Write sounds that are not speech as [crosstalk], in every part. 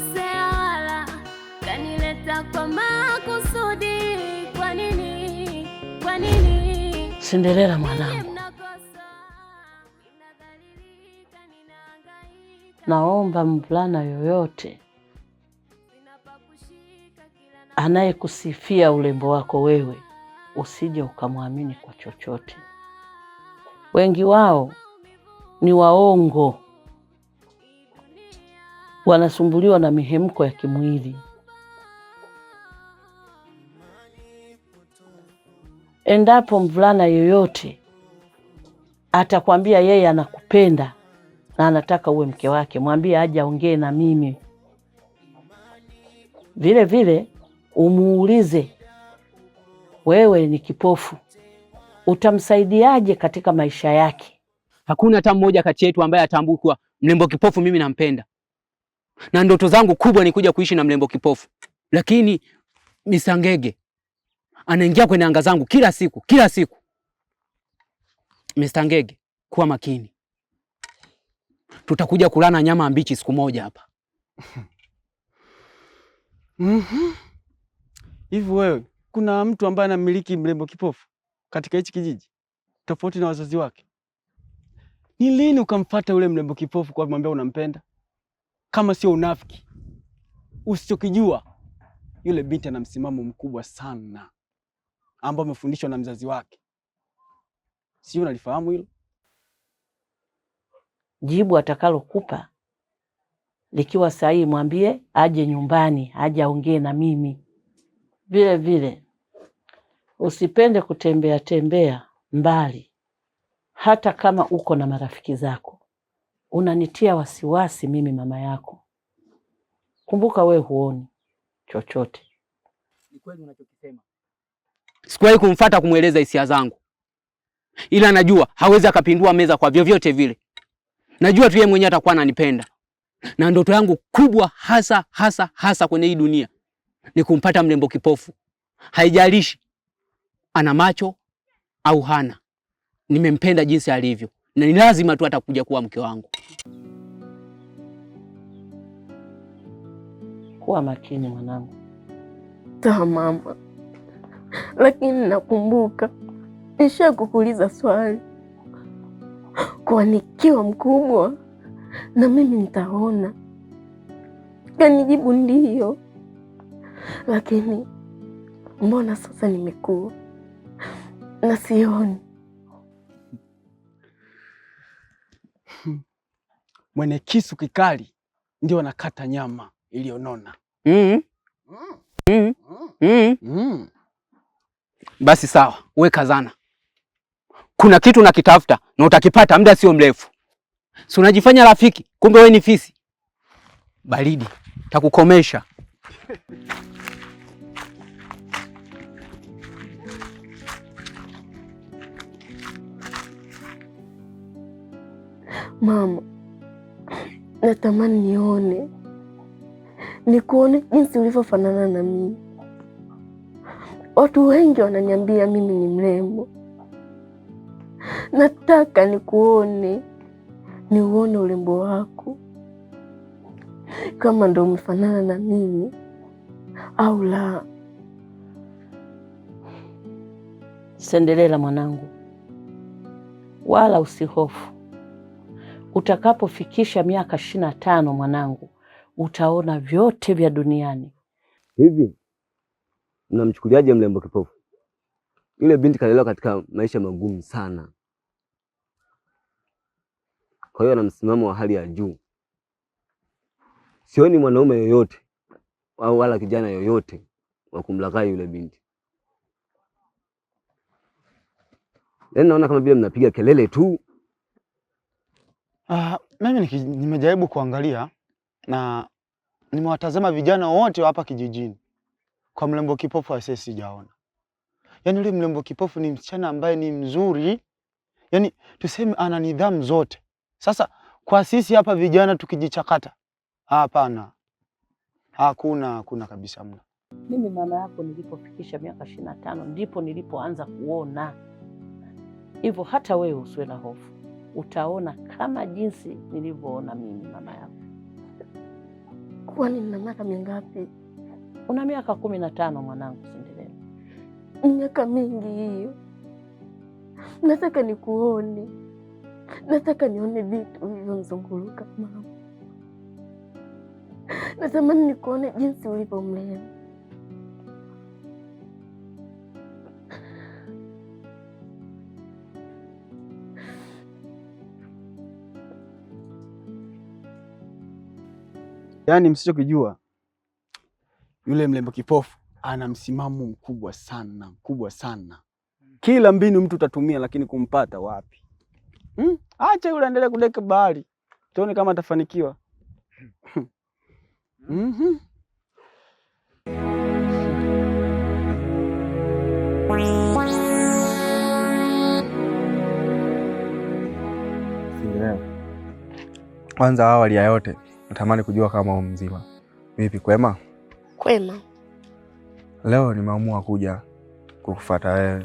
Seala kanileta kwa makusudi. Kwa nini? Kwa nini? Sendelela mwanangu, naomba mvulana yoyote anayekusifia urembo wako wewe usije ukamwamini kwa chochote. Wengi wao ni waongo wanasumbuliwa na mihemko ya kimwili. Endapo mvulana yoyote atakwambia yeye anakupenda na anataka uwe mke wake, mwambie aje aongee na mimi. Vile vile umuulize, wewe ni kipofu, utamsaidiaje katika maisha yake? Hakuna hata mmoja kati yetu ambaye atambukwa mrembo kipofu mimi nampenda na ndoto zangu kubwa ni kuja kuishi na mrembo kipofu, lakini Misangege anaingia kwenye anga zangu kila siku kila siku. Misangege, kuwa makini, tutakuja kulana nyama mbichi siku moja hapa. [laughs] mm Hivi wewe, kuna mtu ambaye anamiliki mrembo kipofu katika hichi kijiji tofauti na wazazi wake? Ni lini ukamfata yule mrembo kipofu kwa kumwambia unampenda? kama sio unafiki. Usichokijua, yule binti ana msimamo mkubwa sana ambao amefundishwa na mzazi wake. Sio, unalifahamu hilo? Jibu atakalokupa likiwa sahihi, mwambie aje nyumbani, aje aongee na mimi. Vile vile usipende kutembea tembea mbali, hata kama uko na marafiki zako unanitia wasiwasi mimi mama yako. Kumbuka we huoni chochote. Ni kweli unachokisema. Sikuwahi kumfata kumweleza hisia zangu, ila najua hawezi akapindua meza kwa vyovyote vile. Najua tu yeye mwenyewe atakuwa ananipenda, na ndoto yangu kubwa hasa hasa hasa kwenye hii dunia ni kumpata mrembo kipofu, haijalishi ana macho au hana. Nimempenda jinsi alivyo na ni lazima tu atakuja kuwa mke wangu. Kuwa makini mwanangu. Sawa mama, lakini nakumbuka nisha kukuuliza swali kwa nikiwa mkubwa na mimi nitaona, kanijibu ndiyo. Lakini mbona sasa nimekuwa na sioni mwenye kisu kikali ndio anakata nyama iliyonona. mm. mm. mm. mm. mm. Basi sawa, we kazana, kuna kitu nakitafuta na utakipata muda sio mrefu. Si unajifanya rafiki, kumbe wewe ni fisi. Baridi takukomesha. Mama natamani nione, nikuone jinsi ulivyofanana na mimi. Watu wengi wananiambia mimi ni mrembo. Nataka nikuone, niuone urembo wako, kama ndo umefanana na mimi au la. Sendelela mwanangu, wala usihofu. Utakapofikisha miaka ishirini na tano mwanangu, utaona vyote vya duniani. Hivi mnamchukuliaje mlembo kipofu? Yule binti kalelewa katika maisha magumu sana, kwa hiyo ana msimamo wa hali ya juu. Sioni mwanaume yoyote au wala kijana yoyote wa kumlaghai yule binti. Yaani naona kama vile mnapiga kelele tu. Uh, mimi nimejaribu kuangalia na nimewatazama vijana wote hapa kijijini, kwa mrembo kipofu asiye sijaona. Yaani yule mrembo kipofu ni msichana ambaye ni mzuri, yaani tuseme ana nidhamu zote. Sasa kwa sisi hapa vijana tukijichakata, hapana, hakuna hakuna kabisa, mna. Mimi mama yako nilipofikisha miaka ishirini na tano ndipo nilipoanza kuona hivyo, hata wewe usiwe na hofu utaona kama jinsi nilivyoona mimi mama yako. Kwani nina miaka mingapi? Una miaka kumi na tano mwanangu. Sendeleni, miaka mingi hiyo. Nataka nikuone, nataka nione vitu vilivyonizunguruka mama. Natamani nikuone jinsi ulivyomlea Yaani msichokijua yule mlembo kipofu ana msimamo mkubwa sana, mkubwa sana. Kila mbinu mtu utatumia, lakini kumpata wapi? Hmm? Acha yule aendelee kudeka bahari, tuone kama atafanikiwa. Hmm. mm-hmm. Kwanza awali ya yote natamani kujua kama u mzima. Vipi, kwema? Kwema. Leo nimeamua kuja kukufuata wewe,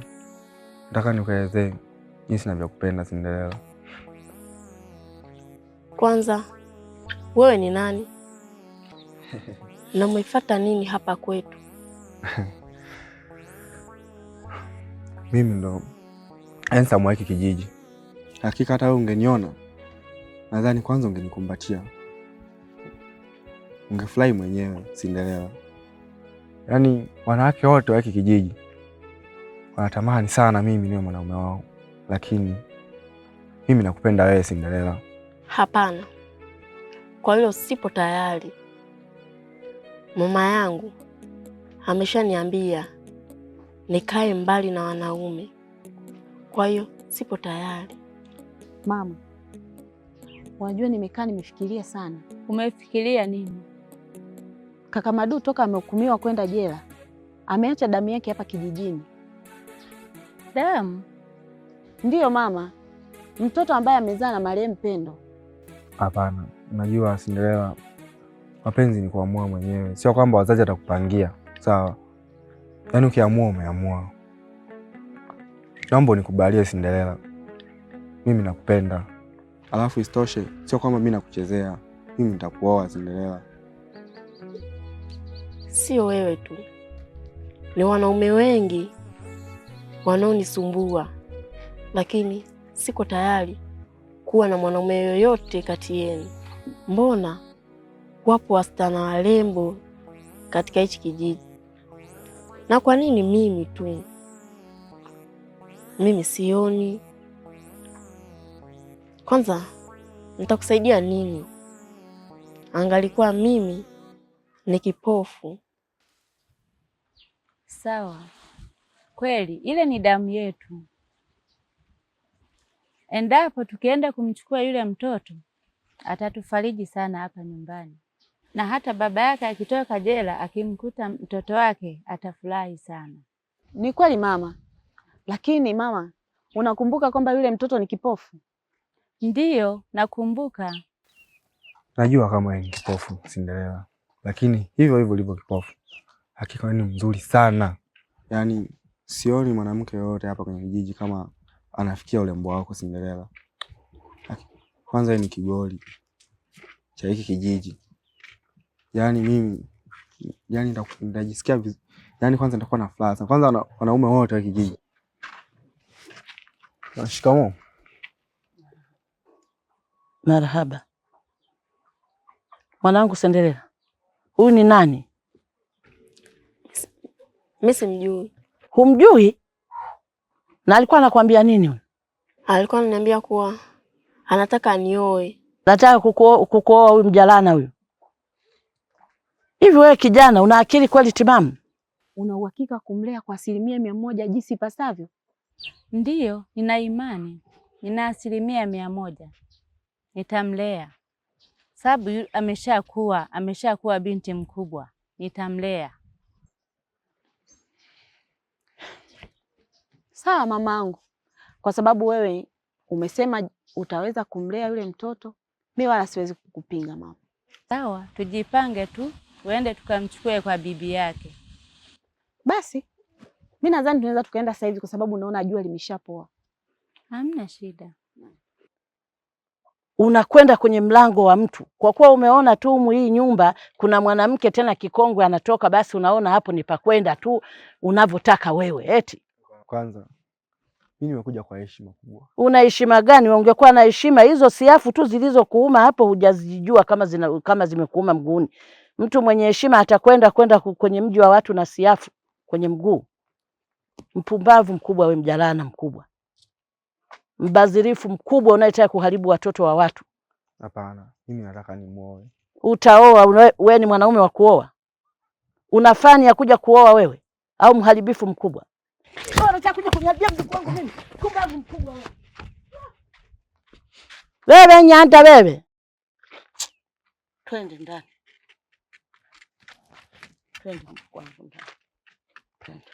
nataka nikuelezee jinsi navyokupenda Cinderella. Kwanza wewe ni nani? Namwifata nini hapa kwetu? [laughs] Mimi ndo yaani ensa mwa kijiji. Hakika hata wewe ungeniona, nadhani kwanza ungenikumbatia ungefurahi mwenyewe Cinderella. Yaani wanawake wote wa hiki kijiji wanatamani sana mimi niwe mwanaume wao, lakini mimi nakupenda wewe Cinderella. Hapana, kwa hilo sipo tayari. Mama yangu ameshaniambia nikae mbali na wanaume, kwa hiyo sipo tayari. Mama, unajua nimekaa nimefikiria sana. Umefikiria nini? Kaka Madu toka amehukumiwa kwenda jela ameacha damu yake hapa kijijini. Damu? Ndiyo mama, mtoto ambaye amezaa na marehemu Pendo. Hapana, najua Sindelela, mapenzi ni kuamua mwenyewe, sio kwamba wazazi atakupangia sawa. Yaani ukiamua umeamua. Naomba unikubalie Sindelela, mimi nakupenda, alafu isitoshe sio kwamba mi nakuchezea, mimi nitakuoa Sindelela sio wewe tu, ni wanaume wengi wanaonisumbua, lakini siko tayari kuwa na mwanaume yoyote kati yenu. Mbona wapo wasichana warembo katika hichi kijiji, na kwa nini mimi tu? Mimi sioni. Kwanza nitakusaidia nini? Angalikuwa mimi ni kipofu Sawa, kweli ile ni damu yetu. Endapo tukienda kumchukua yule mtoto, atatufariji sana hapa nyumbani, na hata baba yake akitoka jela akimkuta mtoto wake atafurahi sana. Ni kweli mama, lakini mama, unakumbuka kwamba yule mtoto ni kipofu? Ndiyo, nakumbuka. Najua kama ni kipofu sindelela lakini hivyo hivyo ulivyo kipofu hakika ni mzuri sana yaani, sioni mwanamke yoyote hapa kwenye kijiji kama anafikia urembo wako Cinderella. Kwanza ni kigoli cha hiki kijiji, yaani mimi yaani nitajisikia yaani, kwanza nitakuwa na furaha sana. Kwanza wanaume wote wa kijiji. Shikamoo. Marhaba mwanangu Cinderella, huyu ni nani? Mimi simjui. Humjui? Na alikuwa anakuambia nini huyo? Alikuwa ananiambia kuwa anataka anioe. Nataka kukuoa huyu mjalana huyu. Hivi wewe kijana una akili kweli timamu? Una uhakika kumlea kwa asilimia mia moja jinsi ipasavyo? Ndiyo, nina imani, nina asilimia mia moja nitamlea, sababu ameshakuwa ameshakuwa binti mkubwa, nitamlea. sawa mamangu, kwa sababu wewe umesema utaweza kumlea yule mtoto, mi wala siwezi kukupinga mama. Sawa, tujipange tu, uende tukamchukue kwa bibi yake. Basi mi nadhani tunaweza tukaenda sasa hivi, kwa sababu unaona jua limeshapoa. Hamna shida. Unakwenda kwenye mlango wa mtu kwa kuwa umeona tu umu hii nyumba kuna mwanamke tena kikongwe anatoka, basi unaona hapo ni pakwenda tu unavyotaka wewe eti kwanza mimi nimekuja kwa heshima kubwa. Una heshima gani? Ungekuwa na heshima, hizo siafu tu zilizokuuma hapo hujazijua kama zina, kama zimekuuma mguuni. Mtu mwenye heshima atakwenda kwenda kwenye mji wa watu na siafu kwenye mguu? Mpumbavu mkubwa we, mjalana mkubwa, mbazirifu mkubwa, unayetaka kuharibu watoto wa watu. Hapana, mimi nataka nimuoe. Utaoa? Wewe ni mwanaume wa kuoa? Unafanya kuja kuoa wewe, au mharibifu mkubwa? Unataka kuniambia mjukuu wangu mimi? Kumbe mkubwa wewe. Wewe nyanda wewe. Twende ndani. Twende mjukuu wangu ndani. Twende.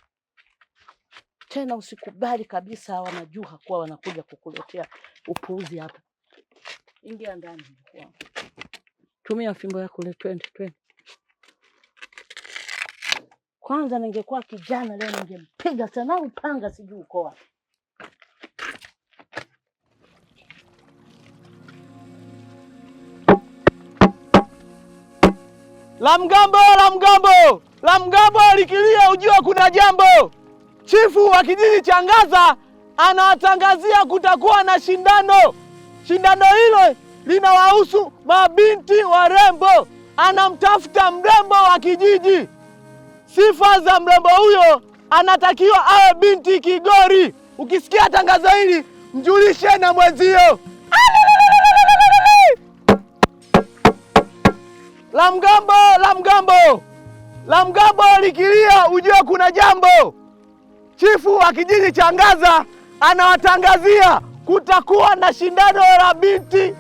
Tena usikubali kabisa hawa majuha kuwa wanakuja kukuletea upuuzi hapa. Ingia ndani wangu. Tumia fimbo yako ile twende twende. Kwanza ningekuwa kijana leo ningempiga sana upanga, sijui uko wapi. La mgambo, la mgambo, la mgambo alikilia, ujua kuna jambo. Chifu wa kijiji cha Ngaza anawatangazia kutakuwa na shindano. Shindano hilo linawahusu mabinti warembo, anamtafuta mrembo wa kijiji sifa za mrembo huyo, anatakiwa awe binti kigori. Ukisikia tangazo hili, mjulishe na mwenzio. La mgambo, la mgambo, la mgambo likilia, ujue kuna jambo. Chifu wa kijiji cha Ngaza anawatangazia kutakuwa na shindano la binti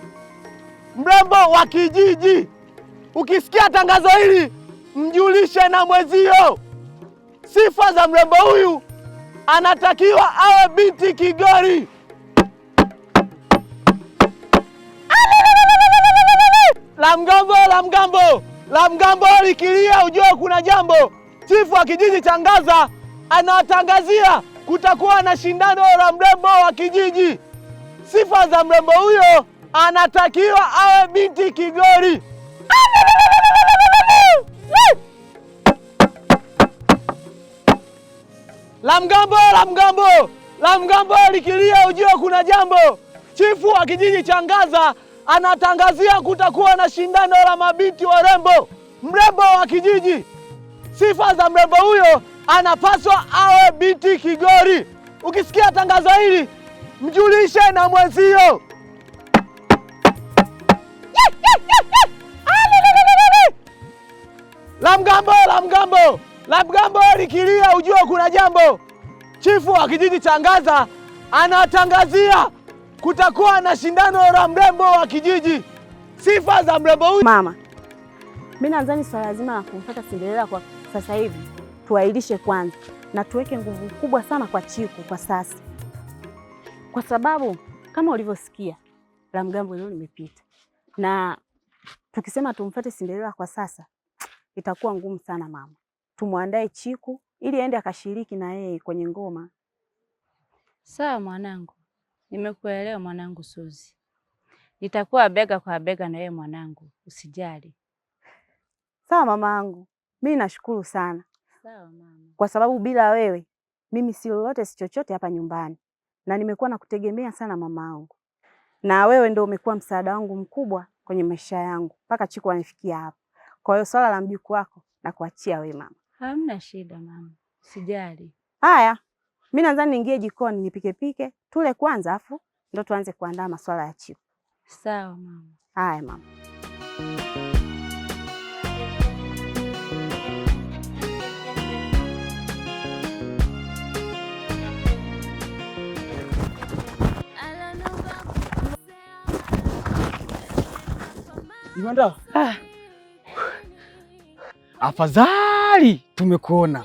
mrembo wa kijiji. Ukisikia tangazo hili mjulishe na mwezio sifa za mrembo huyu, anatakiwa awe binti kigori. La mgambo, la mgambo, la mgambo likilia, ujue kuna jambo. Chifu wa kijiji cha ngaza anawatangazia kutakuwa na shindano la mrembo wa kijiji. Sifa za mrembo huyo, anatakiwa awe binti kigori. La mgambo, la mgambo, la mgambo likilia, ujue kuna jambo. Chifu wa kijiji cha Ngaza anatangazia kutakuwa na shindano la mabinti warembo, mrembo wa kijiji. Sifa za mrembo huyo, anapaswa awe binti kigori. Ukisikia tangazo hili, mjulishe na mwenzio. La mgambo, la mgambo Labgambo likilia, ujue kuna jambo. Chifu wa kijiji cha Ngaza anatangazia kutakuwa na shindano la mrembo wa kijiji. Sifa za mrembo huyu mama, mi nadhani swala zima la Sindelela kwa sasa hivi tuwailishe kwanza, na tuweke nguvu kubwa sana kwa Chiku kwa sasa, kwa sababu kama ulivyosikia la mgambo leo limepita, na tukisema tumfuate Sindelela kwa sasa itakuwa ngumu sana mama tumwandae Chiku ili aende akashiriki na yeye kwenye ngoma. Sawa mwanangu, nimekuelewa mwanangu Suzi, nitakuwa bega kwa bega na yeye mwanangu, usijali. Sawa mamaangu, mimi nashukuru sana. Sawa mama, kwa sababu bila wewe mimi si lolote si chochote hapa nyumbani, na nimekuwa nakutegemea sana mamaangu, na wewe ndio umekuwa msaada wangu mkubwa kwenye maisha yangu mpaka Chiku anifikia hapa. Kwa hiyo swala la mjukuu wako nakuachia wewe mama. Hamna shida mama, sijali. Haya, mi nadhani niingie jikoni nipikepike tule kwanza, afu ndo tuanze kuandaa maswala ya chiku. Sawa mama. Haya mama. Imanda. Ah. Afadhali mbali tumekuona.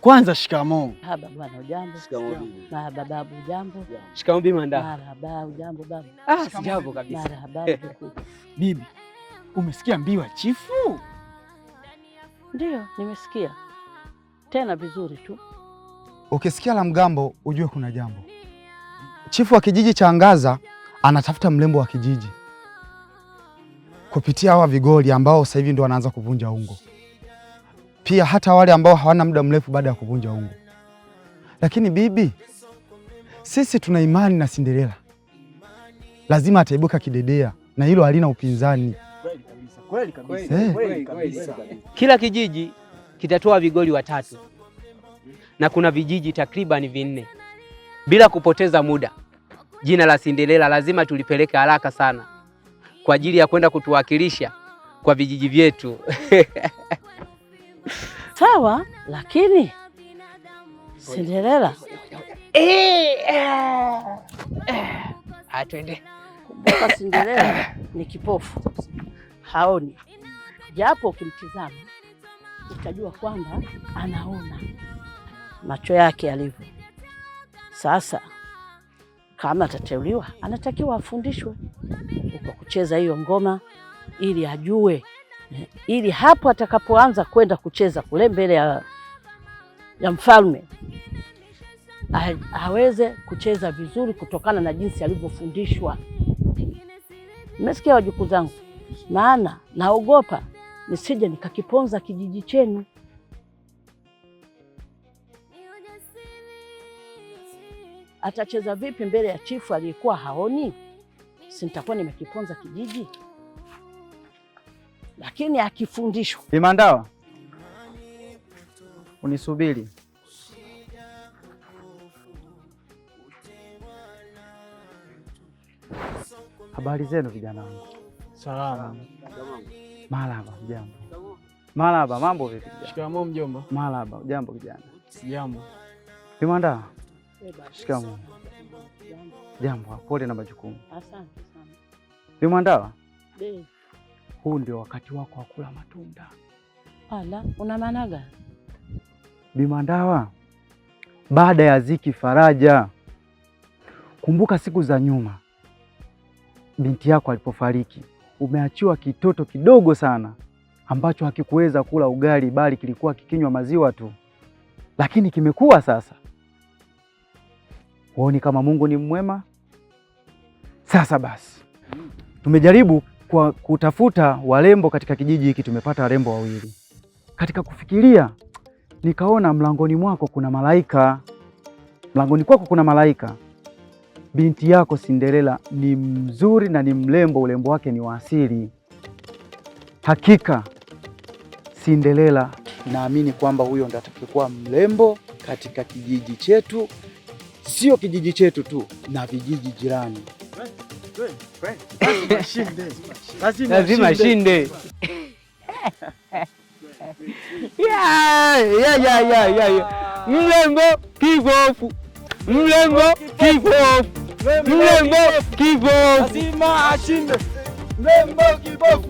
Kwanza shikamoo. Haba bwana, ujambo? Shikamoo bibi. Haba babu, ujambo? Shikamoo bibi manda. Haba, ujambo babu? Ah, sijambo kabisa. Marhaba eh. bibi. Umesikia mbiwa chifu? Ndio, nimesikia tena vizuri tu. Ukisikia la mgambo ujue kuna jambo. Chifu wa kijiji cha Angaza anatafuta mlembo wa kijiji kupitia hawa vigoli ambao sasa hivi ndo wanaanza kuvunja ungo pia hata wale ambao hawana muda mrefu baada ya kuvunja ungo. Lakini bibi, sisi tuna imani na Cinderella, lazima ataibuka kidedea, na hilo halina upinzani. Kweli kabisa, kweli kabisa. Eh. Kila kijiji kitatoa vigoli watatu na kuna vijiji takribani vinne. Bila kupoteza muda, jina la Cinderella lazima tulipeleke haraka sana kwa ajili ya kwenda kutuwakilisha kwa vijiji vyetu. [laughs] sawa, lakini Cinderella eh, eh, eh. Ah, twende. kumbuka, Cinderella ni kipofu, haoni, japo ukimtizama utajua kwamba anaona macho yake yalivyo. Sasa kama atateuliwa, anatakiwa afundishwe kwa kucheza hiyo ngoma ili ajue ili hapo atakapoanza kwenda kucheza kule mbele ya, ya mfalme ah, aweze kucheza vizuri kutokana na jinsi alivyofundishwa. Mmesikia wajukuu zangu, maana naogopa nisije nikakiponza kijiji chenu. Atacheza vipi mbele ya chifu aliyekuwa haoni? Si nitakuwa nimekiponza kijiji lakini akifundishwa. Vimandawa, unisubiri. Habari zenu vijana wangu. Salama. Marhaba, jambo. Marhaba, mambo vipi Shikamoo mjomba. Marhaba, jambo kijana. Sijambo. Imanda. Eh, Shikamoo. Jambo, pole na majukumu. Asante sana huu ndio wakati wako wa kula matunda. Ala, una maana gani? Bi baada ya ziki faraja. Kumbuka siku za nyuma binti yako alipofariki, umeachiwa kitoto kidogo sana ambacho hakikuweza kula ugali, bali kilikuwa kikinywa maziwa tu, lakini kimekuwa sasa. Huoni kama Mungu ni mwema? Sasa basi, tumejaribu kwa kutafuta warembo katika kijiji hiki tumepata warembo wawili. Katika kufikiria nikaona mlangoni mwako kuna malaika, mlangoni kwako kuna malaika. Binti yako Cinderella ni mzuri na ni mrembo, urembo wake ni wa asili. Hakika Cinderella naamini kwamba huyo ndo atakayekuwa mrembo katika kijiji chetu, sio kijiji chetu tu, na vijiji jirani lazima ashinde. Mrembo kibofu, mrembo kibofu, mrembo kibofu, lazima ashinde, mrembo kibofu